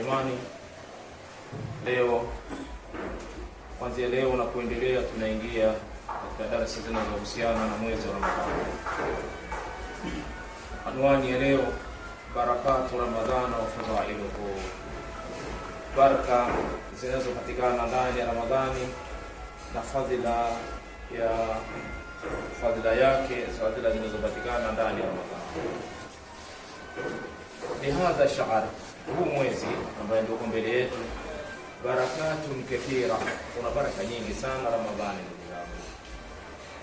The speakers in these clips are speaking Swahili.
imani, leo kwanzia leo na kuendelea, tunaingia katika darasa zinazohusiana na mwezi wa Ramadhani. Anwani ya leo barakatu Ramadhana wa fadhailuhu, baraka zinazopatikana ndani ya Ramadhani na fadhila ya fadhila yake, fadhila zinazopatikana ndani ya Ramadhani lihadha shahr, huu mwezi ambaye ndio mbele yetu, barakatun kathira, kuna baraka nyingi sana Ramadhani,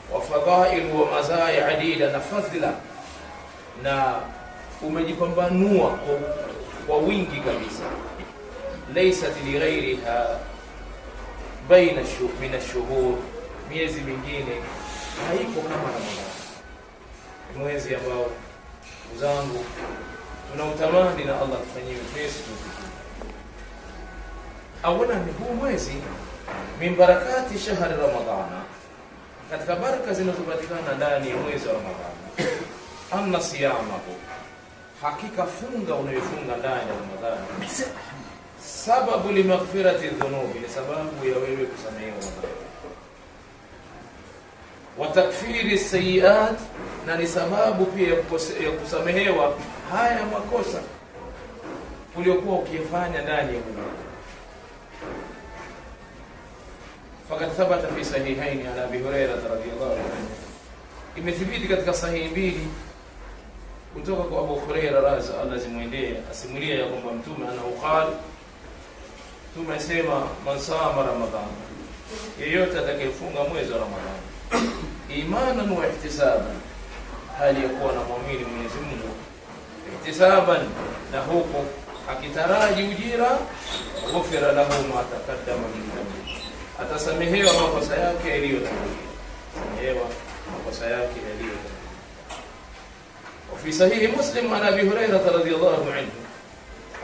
ndugu yangu, wa mazaya adida, na fadhila na umejipambanua kwa wingi kabisa, laysat lighairiha baina min ashuhur, miezi mingine haiko kama Ramadhani, mwezi ambao ndugu zangu, tunautamani na Allah tufanyie wepesi awalan ni huu mwezi min barakati shahri Ramadhana, katika baraka zinazopatikana ndani ya mwezi wa Ramadhana. Anna siyamahu, hakika funga unayofunga ndani ya Ramadhani sababu limaghfirati dhunubi, ni sababu ya wewe kusamehewa madhambi wa takfiri sayiat, na ni sababu pia ya kusamehewa haya makosa uliokuwa ukifanya ndani ya mwili. Fakad thabata fi sahihaini an abi Hurairah radhiyallahu anhu, imethibiti katika sahihi mbili kutoka kwa Abu Hurairah radhi Allah zimwendee, asimulia ya kwamba mtume anaukali Mtume asema man sama Ramadhan, yeyote atakayefunga mwezi wa Ramadhani imanan wa ihtisaban, hali ya kuwa na muamini Mwenyezi ihtisaban, na huko akitaraji ujira, ghufira lahu ma min dhanbi, atasamehewa makosa yake yaliyotangulia, makosa yake yaliyotangulia. وفي صحيح مسلم عن ابي هريره رضي الله عنه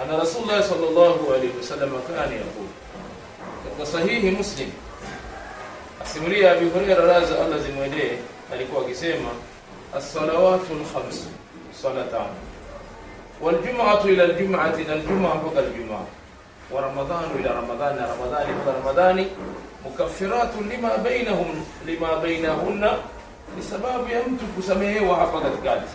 ان رسول الله صلى الله عليه وسلم كان يقول صحيح Simulia Abi Hurairah radhi Allah zimwendee alikuwa akisema as-salawatu al-khams salatan wal jum'atu ila al-jum'ati na al-jum'a mpaka al-jum'a wa ramadhanu ila ramadhani na ramadhani mpaka ramadhani mukaffiratun lima bainahum lima bainahunna ni sababu ya mtu kusamehewa hapa katikati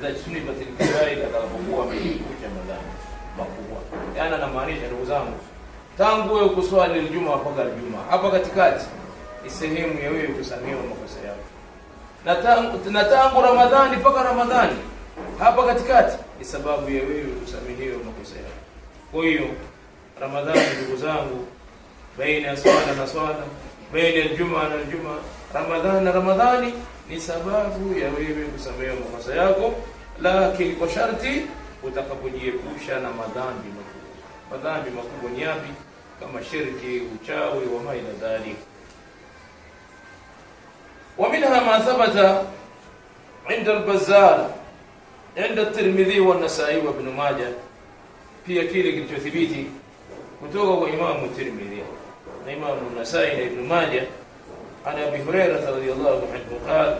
idajtunibat al-kabair atakapokuwa amejiepusha madhambi makubwa yana anamaanisha ndugu zangu tangu wewe kuswali al-jum'a mpaka al-jum'a hapa katikati ni sehemu ya wewe kusamehewa makosa yako, na tangu Ramadhani mpaka Ramadhani hapa katikati ni sababu ya wewe kusamehewa makosa yako. Kwa hiyo Ramadhani, ndugu zangu, baina ya swala na swala, baina ya juma na juma Ramadhani na Ramadhani ni sababu ya wewe kusamehewa makosa yako, lakini kwa sharti utakapojiepusha na madhambi makubwa. Madhambi makubwa ni yapi? Kama shirki, uchawi, wa maila dhalika ومنها ما ثبت عند البزار عند الترمذي والنسائي وابن ماجه في كيل الجثبيتي وتوقع إمام الترمذي إمام النسائي ابن ماجه عن أبي هريرة رضي الله عنه قال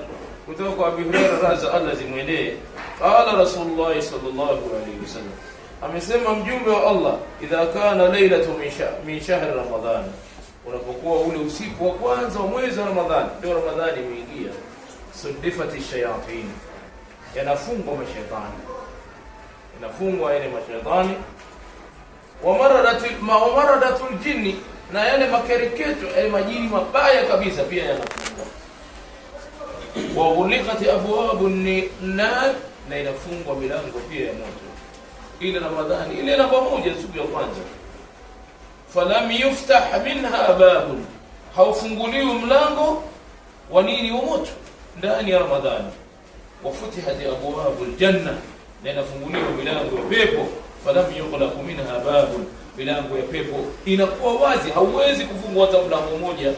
وتوقع أبي هريرة رأس الله زمينيه قال رسول الله صلى الله عليه وسلم أم يسمى الله إذا كان ليلة من شهر رمضان unapokuwa ule usiku wa kwanza wa mwezi wa Ramadhani, ndio Ramadhani imeingia, sudifati shayatin, yanafungwa mashaitani, yanafungwa yale mashaitani, ma wa aljinni, na yale makereketo, yale majini mabaya kabisa pia yanafungwa, waghulikat abwabu nar, na inafungwa milango pia ya moto. Ile Ramadhani ile na pamoja siku ya kwanza falam yuftah minha babun, haufunguliwi mlango wa nini? Wa ndani ya Ramadhani. Wafutihat abwabu ljanna, na inafunguliwa milango ya pepo. Falam yughlaqu minha babun, milango ya pepo inakuwa wazi, hauwezi kufungua hata mlango mmoja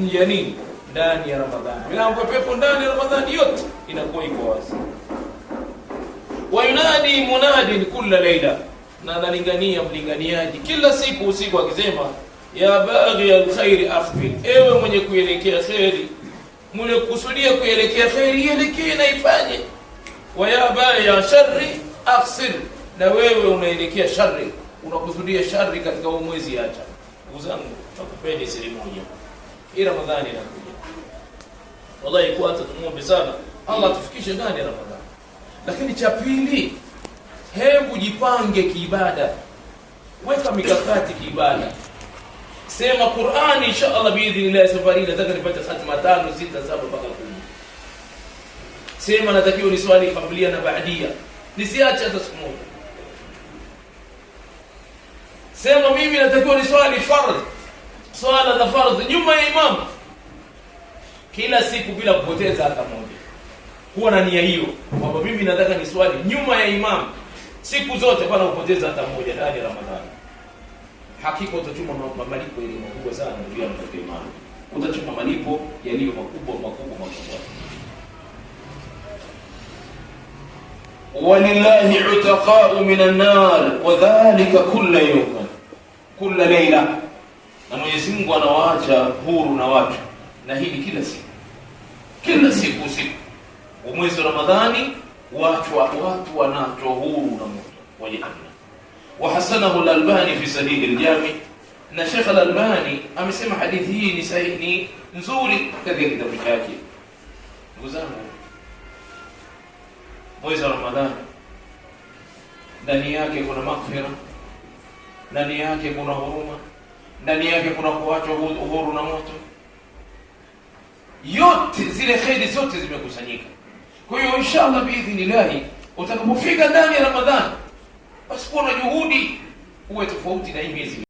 nje ya nini, ndani ya Ramadhani. Milango ya pepo ndani ya Ramadhani yote inakuwa iko wazi. Wayunadi munadin kulla laila na nalingania mlinganiaji kila siku usiku akisema ya baghi alkhairi akhbil, ewe mwenye kuelekea kheri, mwenye kusudia kuelekea kheri, ielekee na ifanye. Wa ya baghi ya shari akhsir, na wewe unaelekea shari, unakusudia shari katika huu mwezi, acha. Ndugu zangu, nakupeni siri moja, hii Ramadhani inakuja, wallahi kuata tumuombe sana Allah tufikishe ndani Ramadhani, lakini cha pili hebu jipange kiibada weka mikakati kiibada sema Qur'ani insha Allah biidhnillah safari nataka nipate khatma tano sita saba mpaka kumi sema natakiwa ni swali kablia na baadia nisiache hata siku moja sema mimi natakiwa ni swali fardh swala za fardh nyuma ya imam kila siku bila kupoteza hata moja kuwa na nia hiyo kwamba mimi nataka ni swali nyuma ya imam siku zote bwana upoteza hata mmoja ndani ya Ramadhani. Hakika utachuma malipo yaliyo makubwa sana, ndugu ya imani, utachuma malipo yaliyo makubwa makubwa makubwa. walillahi utaqau min nar wa dhalika kulla yawm kulla layla, na Mwenyezi Mungu anawaacha huru na watu, na hili kila siku, kila siku, mwezi wa Ramadhani watu watu wanaachwa huru na moto wenye amna wahasanahu al-albani fi sahihi al-jami na Sheikh al-Albani amesema hadithi hii ni sahihi nzuri katika kitabu chake ndugu zangu mwezi wa Ramadhani ndani yake kuna maghfira ndani yake kuna huruma ndani yake kuna kuachwa uhuru na moto yote zile kheri zote zimekusanyika Kwa hiyo inshallah biidhnillahi, utakapofika ndani ya Ramadhani basi kuwa na juhudi, uwe tofauti na hii miezi.